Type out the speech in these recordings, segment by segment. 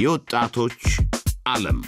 የወጣቶች ዓለም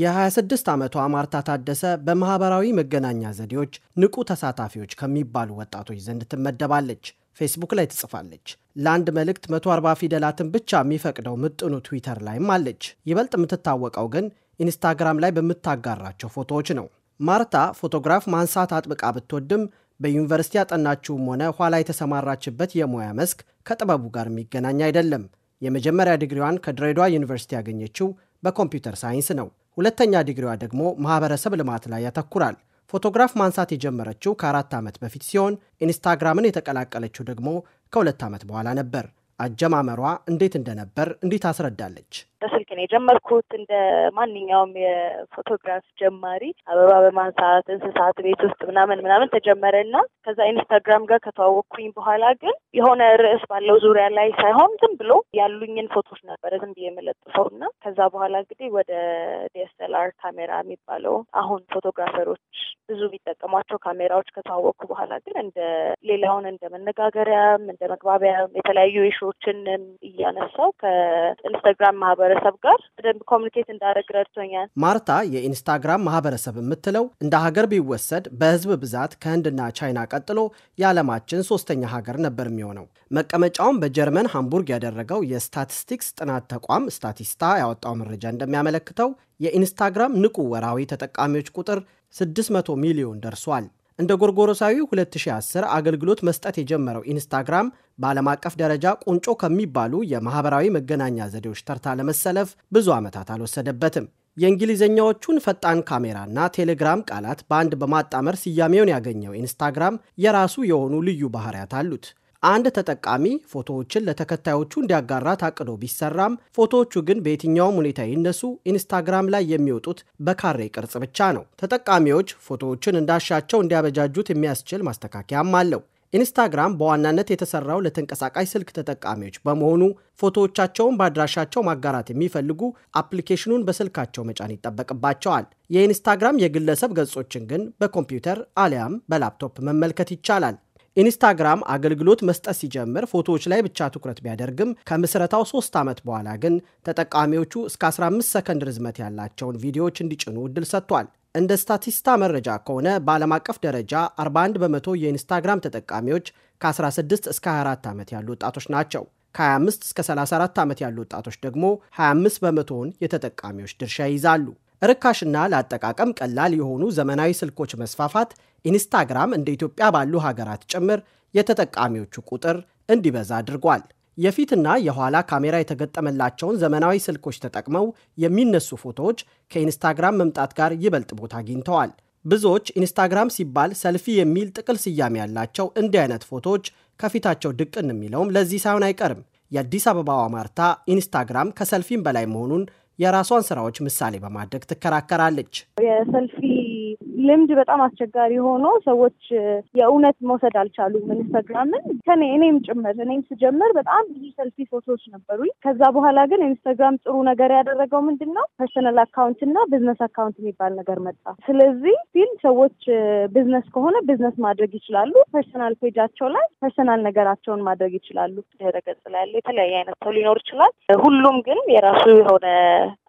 የ26 ዓመቷ ማርታ ታደሰ በማኅበራዊ መገናኛ ዘዴዎች ንቁ ተሳታፊዎች ከሚባሉ ወጣቶች ዘንድ ትመደባለች። ፌስቡክ ላይ ትጽፋለች። ለአንድ መልእክት 140 ፊደላትን ብቻ የሚፈቅደው ምጥኑ ትዊተር ላይም አለች። ይበልጥ የምትታወቀው ግን ኢንስታግራም ላይ በምታጋራቸው ፎቶዎች ነው። ማርታ ፎቶግራፍ ማንሳት አጥብቃ ብትወድም በዩኒቨርሲቲ ያጠናችውም ሆነ ኋላ የተሰማራችበት የሙያ መስክ ከጥበቡ ጋር የሚገናኝ አይደለም። የመጀመሪያ ዲግሪዋን ከድሬዳዋ ዩኒቨርሲቲ ያገኘችው በኮምፒውተር ሳይንስ ነው። ሁለተኛ ዲግሪዋ ደግሞ ማህበረሰብ ልማት ላይ ያተኩራል። ፎቶግራፍ ማንሳት የጀመረችው ከአራት ዓመት በፊት ሲሆን ኢንስታግራምን የተቀላቀለችው ደግሞ ከሁለት ዓመት በኋላ ነበር። አጀማመሯ እንዴት እንደነበር እንዲህ ታስረዳለች። ነው የጀመርኩት። እንደ ማንኛውም የፎቶግራፍ ጀማሪ አበባ በማንሳት እንስሳት ቤት ውስጥ ምናምን ምናምን ተጀመረ እና ከዛ ኢንስታግራም ጋር ከተዋወቅኩኝ በኋላ ግን የሆነ ርዕስ ባለው ዙሪያ ላይ ሳይሆን ዝም ብሎ ያሉኝን ፎቶች ነበረ ዝም ብዬ የምለጥፈው እና ከዛ በኋላ እንግዲህ ወደ ዲኤስኤልአር ካሜራ የሚባለው አሁን ፎቶግራፈሮች ብዙ የሚጠቀሟቸው ካሜራዎች ከተዋወቅኩ በኋላ ግን እንደ ሌላውን እንደ መነጋገሪያም እንደ መግባቢያም የተለያዩ ኢሹዎችንም እያነሳው ከኢንስታግራም ማህበረሰብ ጋር በደንብ ኮሚኒኬት እንዳደረግ ረድቶኛል። ማርታ የኢንስታግራም ማህበረሰብ የምትለው እንደ ሀገር ቢወሰድ በህዝብ ብዛት ከህንድና ቻይና ቀጥሎ የዓለማችን ሶስተኛ ሀገር ነበር የሚሆነው። መቀመጫውን በጀርመን ሃምቡርግ ያደረገው የስታቲስቲክስ ጥናት ተቋም ስታቲስታ ያወጣው መረጃ እንደሚያመለክተው የኢንስታግራም ንቁ ወራዊ ተጠቃሚዎች ቁጥር 600 ሚሊዮን ደርሷል። እንደ ጎርጎሮሳዊ 2010 አገልግሎት መስጠት የጀመረው ኢንስታግራም በዓለም አቀፍ ደረጃ ቁንጮ ከሚባሉ የማኅበራዊ መገናኛ ዘዴዎች ተርታ ለመሰለፍ ብዙ ዓመታት አልወሰደበትም። የእንግሊዝኛዎቹን ፈጣን ካሜራና ቴሌግራም ቃላት በአንድ በማጣመር ስያሜውን ያገኘው ኢንስታግራም የራሱ የሆኑ ልዩ ባህሪያት አሉት። አንድ ተጠቃሚ ፎቶዎችን ለተከታዮቹ እንዲያጋራ ታቅዶ ቢሰራም ፎቶዎቹ ግን በየትኛውም ሁኔታ ይነሱ ኢንስታግራም ላይ የሚወጡት በካሬ ቅርጽ ብቻ ነው። ተጠቃሚዎች ፎቶዎችን እንዳሻቸው እንዲያበጃጁት የሚያስችል ማስተካከያም አለው። ኢንስታግራም በዋናነት የተሰራው ለተንቀሳቃሽ ስልክ ተጠቃሚዎች በመሆኑ ፎቶዎቻቸውን በአድራሻቸው ማጋራት የሚፈልጉ አፕሊኬሽኑን በስልካቸው መጫን ይጠበቅባቸዋል። የኢንስታግራም የግለሰብ ገጾችን ግን በኮምፒውተር አሊያም በላፕቶፕ መመልከት ይቻላል። ኢንስታግራም አገልግሎት መስጠት ሲጀምር ፎቶዎች ላይ ብቻ ትኩረት ቢያደርግም ከምስረታው ሶስት ዓመት በኋላ ግን ተጠቃሚዎቹ እስከ 15 ሰከንድ ርዝመት ያላቸውን ቪዲዮዎች እንዲጭኑ እድል ሰጥቷል። እንደ ስታቲስታ መረጃ ከሆነ በዓለም አቀፍ ደረጃ 41 በመቶ የኢንስታግራም ተጠቃሚዎች ከ16 እስከ 24 ዓመት ያሉ ወጣቶች ናቸው። ከ25 እስከ 34 ዓመት ያሉ ወጣቶች ደግሞ 25 በመቶውን የተጠቃሚዎች ድርሻ ይይዛሉ። ርካሽና ለአጠቃቀም ቀላል የሆኑ ዘመናዊ ስልኮች መስፋፋት ኢንስታግራም እንደ ኢትዮጵያ ባሉ ሀገራት ጭምር የተጠቃሚዎቹ ቁጥር እንዲበዛ አድርጓል። የፊትና የኋላ ካሜራ የተገጠመላቸውን ዘመናዊ ስልኮች ተጠቅመው የሚነሱ ፎቶዎች ከኢንስታግራም መምጣት ጋር ይበልጥ ቦታ አግኝተዋል። ብዙዎች ኢንስታግራም ሲባል ሰልፊ የሚል ጥቅል ስያሜ ያላቸው እንዲህ አይነት ፎቶዎች ከፊታቸው ድቅን የሚለውም ለዚህ ሳይሆን አይቀርም። የአዲስ አበባዋ ማርታ ኢንስታግራም ከሰልፊም በላይ መሆኑን የራሷን ስራዎች ምሳሌ በማድረግ ትከራከራለች። የሰልፊ ልምድ በጣም አስቸጋሪ ሆኖ ሰዎች የእውነት መውሰድ አልቻሉም። ኢንስታግራምን ከኔ እኔም ጭምር እኔም ስጀምር በጣም ብዙ ሰልፊ ፎቶዎች ነበሩኝ። ከዛ በኋላ ግን ኢንስታግራም ጥሩ ነገር ያደረገው ምንድን ነው ፐርሰናል አካውንት እና ቢዝነስ አካውንት የሚባል ነገር መጣ። ስለዚህ ፊል ሰዎች ቢዝነስ ከሆነ ቢዝነስ ማድረግ ይችላሉ። ፐርሰናል ፔጃቸው ላይ ፐርሰናል ነገራቸውን ማድረግ ይችላሉ። ድረገጽ ላይ ያለ የተለያየ አይነት ሰው ሊኖር ይችላል። ሁሉም ግን የራሱ የሆነ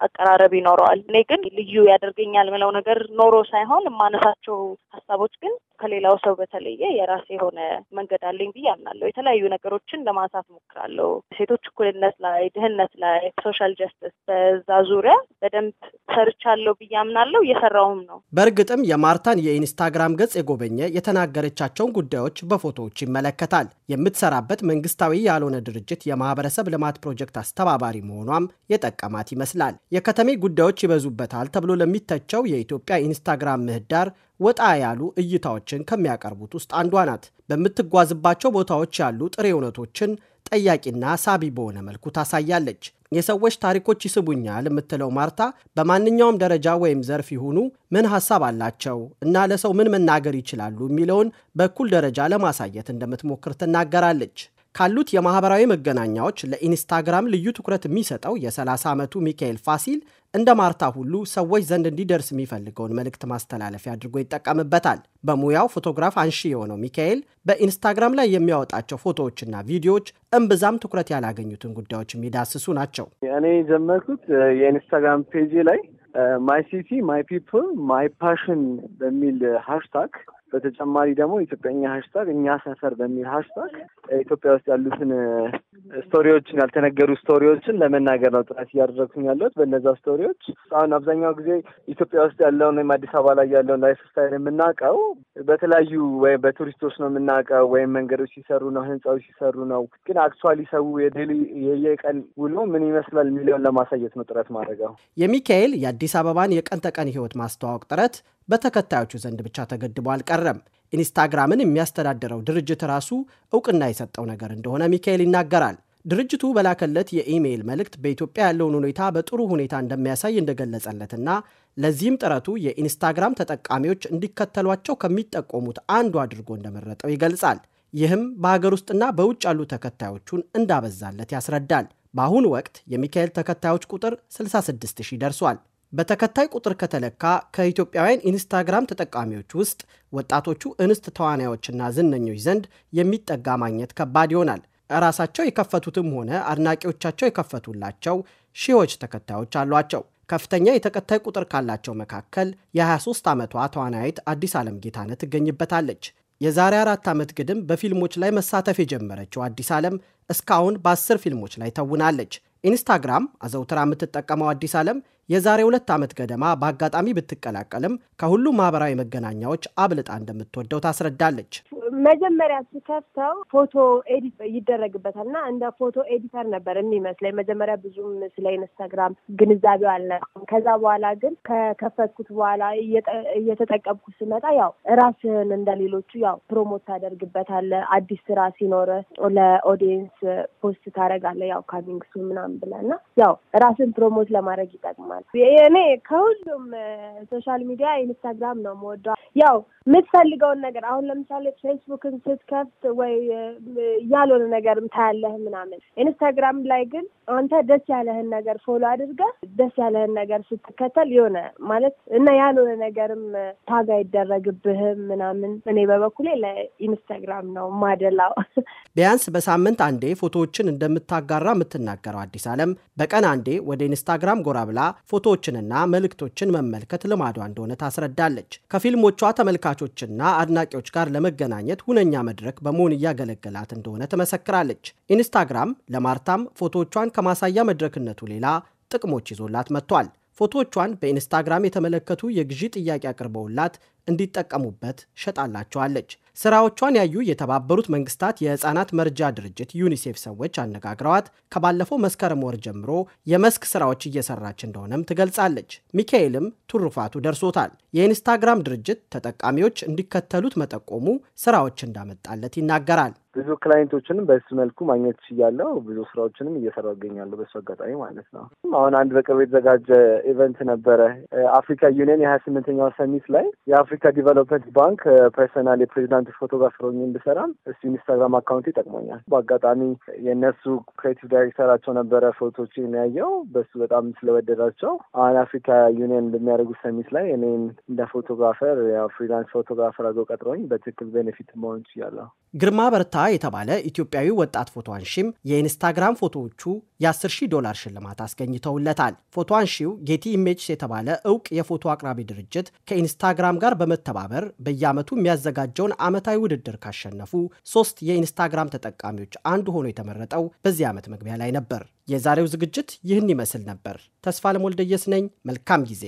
አቀራረብ ይኖረዋል። እኔ ግን ልዩ ያደርገኛል ምለው ነገር ኖሮ ሳይሆን የማነሳቸው ሀሳቦች ግን ከሌላው ሰው በተለየ የራሴ የሆነ መንገድ አለኝ ብዬ አምናለሁ። የተለያዩ ነገሮችን ለማንሳት ሞክራለሁ። ሴቶች እኩልነት ላይ፣ ድህነት ላይ፣ ሶሻል ጀስቲስ በዛ ዙሪያ በደንብ ሰርቻለሁ ብዬ አምናለሁ። እየሰራውም ነው። በእርግጥም የማርታን የኢንስታግራም ገጽ የጎበኘ የተናገረቻቸውን ጉዳዮች በፎቶዎች ይመለከታል። የምትሰራበት መንግስታዊ ያልሆነ ድርጅት የማህበረሰብ ልማት ፕሮጀክት አስተባባሪ መሆኗም የጠቀማት ይመስላል። የከተሜ ጉዳዮች ይበዙበታል ተብሎ ለሚተቸው የኢትዮጵያ ኢንስታግራም ምህድ ዳር ወጣ ያሉ እይታዎችን ከሚያቀርቡት ውስጥ አንዷ ናት። በምትጓዝባቸው ቦታዎች ያሉ ጥሬ እውነቶችን ጠያቂና ሳቢ በሆነ መልኩ ታሳያለች። የሰዎች ታሪኮች ይስቡኛል የምትለው ማርታ በማንኛውም ደረጃ ወይም ዘርፍ ይሁኑ ምን ሀሳብ አላቸው እና ለሰው ምን መናገር ይችላሉ የሚለውን በእኩል ደረጃ ለማሳየት እንደምትሞክር ትናገራለች። ካሉት የማህበራዊ መገናኛዎች ለኢንስታግራም ልዩ ትኩረት የሚሰጠው የ30 ዓመቱ ሚካኤል ፋሲል እንደ ማርታ ሁሉ ሰዎች ዘንድ እንዲደርስ የሚፈልገውን መልእክት ማስተላለፊያ አድርጎ ይጠቀምበታል። በሙያው ፎቶግራፍ አንሺ የሆነው ሚካኤል በኢንስታግራም ላይ የሚያወጣቸው ፎቶዎችና ቪዲዮዎች እምብዛም ትኩረት ያላገኙትን ጉዳዮች የሚዳስሱ ናቸው። እኔ የጀመርኩት የኢንስታግራም ፔጅ ላይ ማይ ሲቲ ማይ ፒፕል ማይ ፓሽን በሚል ሃሽታግ በተጨማሪ ደግሞ ኢትዮጵያኛ ሀሽታግ እኛ ሰፈር በሚል ሀሽታግ ኢትዮጵያ ውስጥ ያሉትን ስቶሪዎችን ያልተነገሩ ስቶሪዎችን ለመናገር ነው ጥረት እያደረግኩኝ ያለሁት። በእነዛ ስቶሪዎች አሁን አብዛኛው ጊዜ ኢትዮጵያ ውስጥ ያለውን ወይም አዲስ አበባ ላይ ያለውን ላይፍ ስታይል የምናውቀው በተለያዩ ወይም በቱሪስቶች ነው የምናውቀው፣ ወይም መንገዶች ሲሰሩ ነው፣ ህንፃዎች ሲሰሩ ነው። ግን አክቹዋሊ ሰው የዴሊ የየቀን ውሎ ምን ይመስላል የሚለውን ለማሳየት ነው ጥረት ማድረገው። የሚካኤል የአዲስ አበባን የቀን ተቀን ህይወት ማስተዋወቅ ጥረት በተከታዮቹ ዘንድ ብቻ ተገድቦ አልቀረም። ኢንስታግራምን የሚያስተዳድረው ድርጅት ራሱ እውቅና የሰጠው ነገር እንደሆነ ሚካኤል ይናገራል። ድርጅቱ በላከለት የኢሜይል መልእክት በኢትዮጵያ ያለውን ሁኔታ በጥሩ ሁኔታ እንደሚያሳይ እንደገለጸለትና ለዚህም ጥረቱ የኢንስታግራም ተጠቃሚዎች እንዲከተሏቸው ከሚጠቆሙት አንዱ አድርጎ እንደመረጠው ይገልጻል። ይህም በሀገር ውስጥና በውጭ ያሉ ተከታዮቹን እንዳበዛለት ያስረዳል። በአሁኑ ወቅት የሚካኤል ተከታዮች ቁጥር 66 ሺህ ደርሷል። በተከታይ ቁጥር ከተለካ ከኢትዮጵያውያን ኢንስታግራም ተጠቃሚዎች ውስጥ ወጣቶቹ እንስት ተዋናዮችና ዝነኞች ዘንድ የሚጠጋ ማግኘት ከባድ ይሆናል። ራሳቸው የከፈቱትም ሆነ አድናቂዎቻቸው የከፈቱላቸው ሺዎች ተከታዮች አሏቸው። ከፍተኛ የተከታይ ቁጥር ካላቸው መካከል የ23 ዓመቷ ተዋናይት አዲስ ዓለም ጌታነ ትገኝበታለች። የዛሬ አራት ዓመት ግድም በፊልሞች ላይ መሳተፍ የጀመረችው አዲስ ዓለም እስካሁን በአስር ፊልሞች ላይ ተውናለች። ኢንስታግራም አዘውትራ የምትጠቀመው አዲስ ዓለም የዛሬ ሁለት ዓመት ገደማ በአጋጣሚ ብትቀላቀልም ከሁሉ ማህበራዊ መገናኛዎች አብልጣ እንደምትወደው ታስረዳለች። መጀመሪያ ስከፍተው ፎቶ ኤዲት ይደረግበታል እና እንደ ፎቶ ኤዲተር ነበር የሚመስለኝ። መጀመሪያ ብዙም ስለ ኢንስታግራም ግንዛቤው አልነበረም። ከዛ በኋላ ግን ከከፈትኩት በኋላ እየተጠቀምኩ ስመጣ ያው ራስህን እንደ ሌሎቹ ያው ፕሮሞት ታደርግበታለህ። አዲስ ስራ ሲኖረ ለኦዲየንስ ፖስት ታደርጋለህ። ያው ካሚንግሱ ምናምን ብለህ እና ያው ራስን ፕሮሞት ለማድረግ ይጠቅማል። ይጠቅማል። እኔ ከሁሉም ሶሻል ሚዲያ ኢንስታግራም ነው የምወደው። ያው የምትፈልገውን ነገር አሁን ለምሳሌ ፌስቡክን ስትከፍት ወይ ያልሆነ ነገር ታያለህ ምናምን። ኢንስታግራም ላይ ግን አንተ ደስ ያለህን ነገር ፎሎ አድርገህ ደስ ያለህን ነገር ስትከተል የሆነ ማለት እና ያልሆነ ነገርም ታጋ አይደረግብህም ምናምን። እኔ በበኩሌ ለኢንስታግራም ነው ማደላው። ቢያንስ በሳምንት አንዴ ፎቶዎችን እንደምታጋራ የምትናገረው አዲስ አለም በቀን አንዴ ወደ ኢንስታግራም ጎራ ብላ ፎቶዎችንና መልእክቶችን መመልከት ልማዷ እንደሆነ ታስረዳለች። ከፊልሞቿ ተመልካቾችና አድናቂዎች ጋር ለመገናኘት ሁነኛ መድረክ በመሆን እያገለገላት እንደሆነ ትመሰክራለች። ኢንስታግራም ለማርታም ፎቶዎቿን ከማሳያ መድረክነቱ ሌላ ጥቅሞች ይዞላት መጥቷል። ፎቶዎቿን በኢንስታግራም የተመለከቱ የግዢ ጥያቄ አቅርበውላት እንዲጠቀሙበት ሸጣላቸዋለች። ስራዎቿን ያዩ የተባበሩት መንግስታት የህፃናት መርጃ ድርጅት ዩኒሴፍ ሰዎች አነጋግረዋት ከባለፈው መስከረም ወር ጀምሮ የመስክ ስራዎች እየሰራች እንደሆነም ትገልጻለች። ሚካኤልም ትሩፋቱ ደርሶታል። የኢንስታግራም ድርጅት ተጠቃሚዎች እንዲከተሉት መጠቆሙ ስራዎች እንዳመጣለት ይናገራል። ብዙ ክላይንቶችንም በሱ መልኩ ማግኘት ችያለው። ብዙ ስራዎችንም እየሰራ ይገኛለሁ በሱ አጋጣሚ ማለት ነው። አሁን አንድ በቅርብ የተዘጋጀ ኢቨንት ነበረ አፍሪካ ዩኒየን የሀያ ስምንተኛው ሰሚት ላይ አፍሪካ ዲቨሎፕመንት ባንክ ፐርሰናል የፕሬዚዳንቶች ፎቶግራፍ ሮኝ እንድሰራ እሱ ኢንስታግራም አካውንት ይጠቅሞኛል። በአጋጣሚ የእነሱ ክሬቲቭ ዳይሬክተራቸው ነበረ ፎቶች የሚያየው በሱ በጣም ስለወደዳቸው አሁን አፍሪካ ዩኒየን በሚያደርጉ ሰሚት ላይ እኔን እንደ ፎቶግራፈር ፍሪላንስ ፎቶግራፈር አድርገው ቀጥሮኝ በትክክል ቤኔፊት መሆን ችያለሁ። ግርማ በርታ የተባለ ኢትዮጵያዊ ወጣት ፎቶ አንሺም የኢንስታግራም ፎቶዎቹ የ10 ሺህ ዶላር ሽልማት አስገኝተውለታል። ፎቶ አንሺው ጌቲ ኢሜጅስ የተባለ እውቅ የፎቶ አቅራቢ ድርጅት ከኢንስታግራም ጋር በመተባበር በየዓመቱ የሚያዘጋጀውን ዓመታዊ ውድድር ካሸነፉ ሶስት የኢንስታግራም ተጠቃሚዎች አንዱ ሆኖ የተመረጠው በዚህ ዓመት መግቢያ ላይ ነበር። የዛሬው ዝግጅት ይህን ይመስል ነበር። ተስፋለም ወልደየስ ነኝ። መልካም ጊዜ